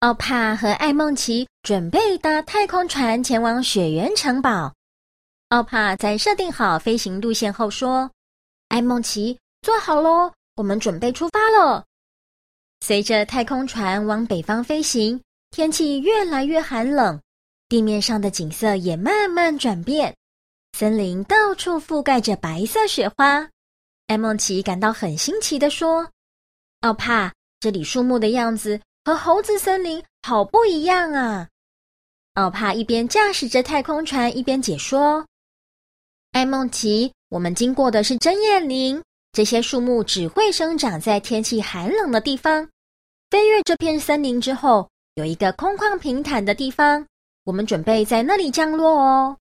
奧帕和愛孟奇準備搭太空船前往雪原城堡。奧帕在設定好飛行路線後說：“愛孟奇，坐好嘍，我們準備出發嘍。”隨着太空船往北方飛行，天氣越來越寒冷，地面上的景色也慢慢轉變。森林到處覆蓋着白色雪花。愛孟奇感到很新奇地說：“奧帕，這裡樹木的樣子，”和猴子森林好不一樣啊！奧帕一邊駕駛着太空船，一邊解說：“愛孟奇，我們經過的是針葉林，這些樹木只會生長在天氣寒冷的地方。飛越這片森林之後，有一個空曠平坦的地方，我們準備在那裡降落哦。”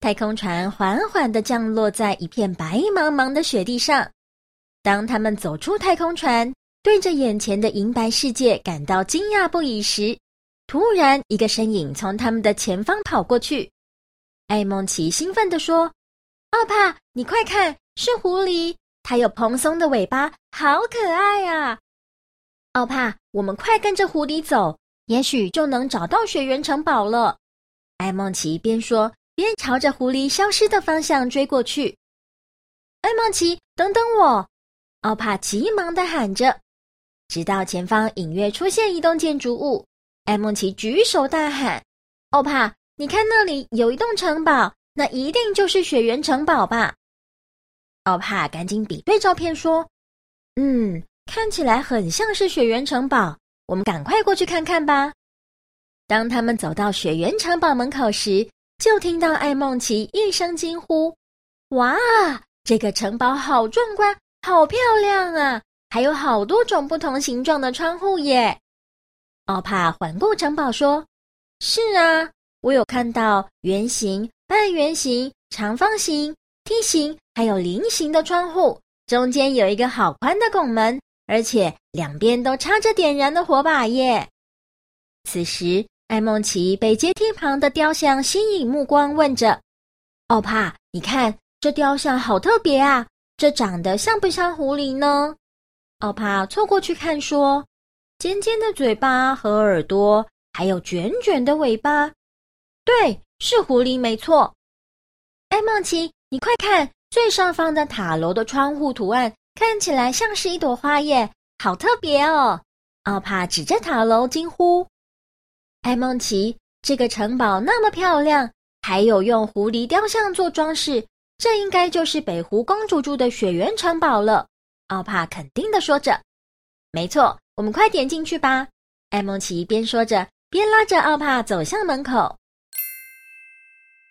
太空船緩緩地降落在一片白茫茫的雪地上。當他們走出太空船，對着眼前的銀白世界感到驚訝不已時，突然一個身影從他們的前方跑過去。愛孟奇興奮地說：“奧帕，你快看，是狐狸！它有蓬鬆的尾巴，好可愛啊！”奧帕，我們快跟着狐狸走，也許就能找到雪原城堡了。愛孟奇邊說邊朝着狐狸消失的方向追過去。愛孟奇，等等我！奧帕急忙地喊着。直到前方隱約出現一棟建築物，愛孟奇舉手大喊：“奧帕，你看那裡有一棟城堡，那一定就是雪原城堡吧？”奧帕趕緊比對照片說：“嗯，看起來很像是雪原城堡，我們趕快過去看看吧。”當他們走到雪原城堡門口時，就聽到愛孟奇一聲驚呼：“哇，這個城堡好壯觀，好漂亮啊！”還有好多種不同形狀的窗戶耶！奧帕環顧城堡說：“是啊，我有看到圓形、半圓形、長方形、梯形，還有菱形的窗戶。中間有一個好寬的拱門，而且兩邊都插着點燃的火把耶。”此時，愛孟奇被階梯旁的雕像吸引目光，問着：“奧帕，你看這雕像好特別啊！這長得像不像狐狸呢？”奧帕湊過去看，說：“尖尖的嘴巴和耳朵，還有捲捲的尾巴，對，是狐狸沒錯。”愛孟奇，你快看，最上方的塔樓的窗戶圖案看起來像是一朵花耶，好特別哦！奧帕指着塔樓驚呼：“愛孟奇，這個城堡那麼漂亮，還有用狐狸雕像做裝飾，這應該就是北湖公主住的雪原城堡了。”奧帕肯定的說着：“沒錯，我們快點進去吧。”愛孟奇邊說着邊拉着奧帕走向門口。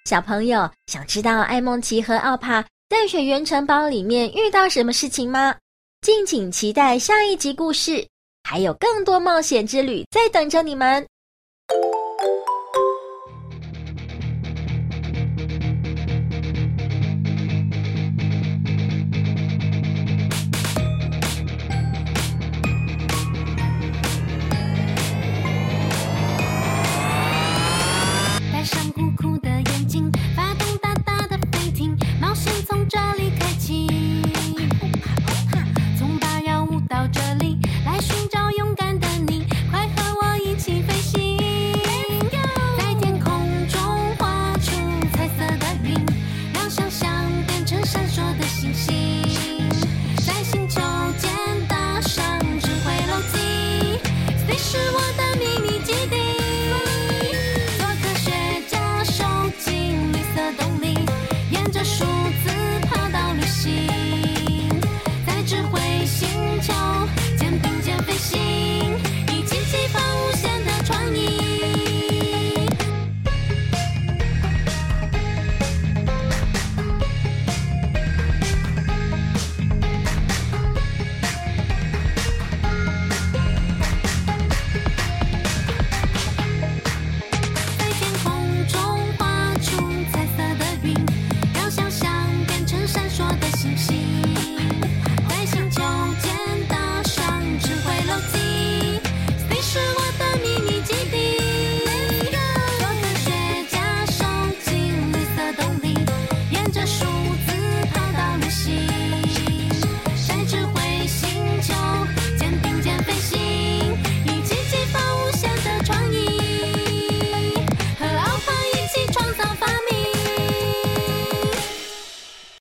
小朋友，想知道愛孟奇和奧帕在雪原城堡裡面遇到什麼事情嗎？敬請期待下一集故事，還有更多冒險之旅在等着你們。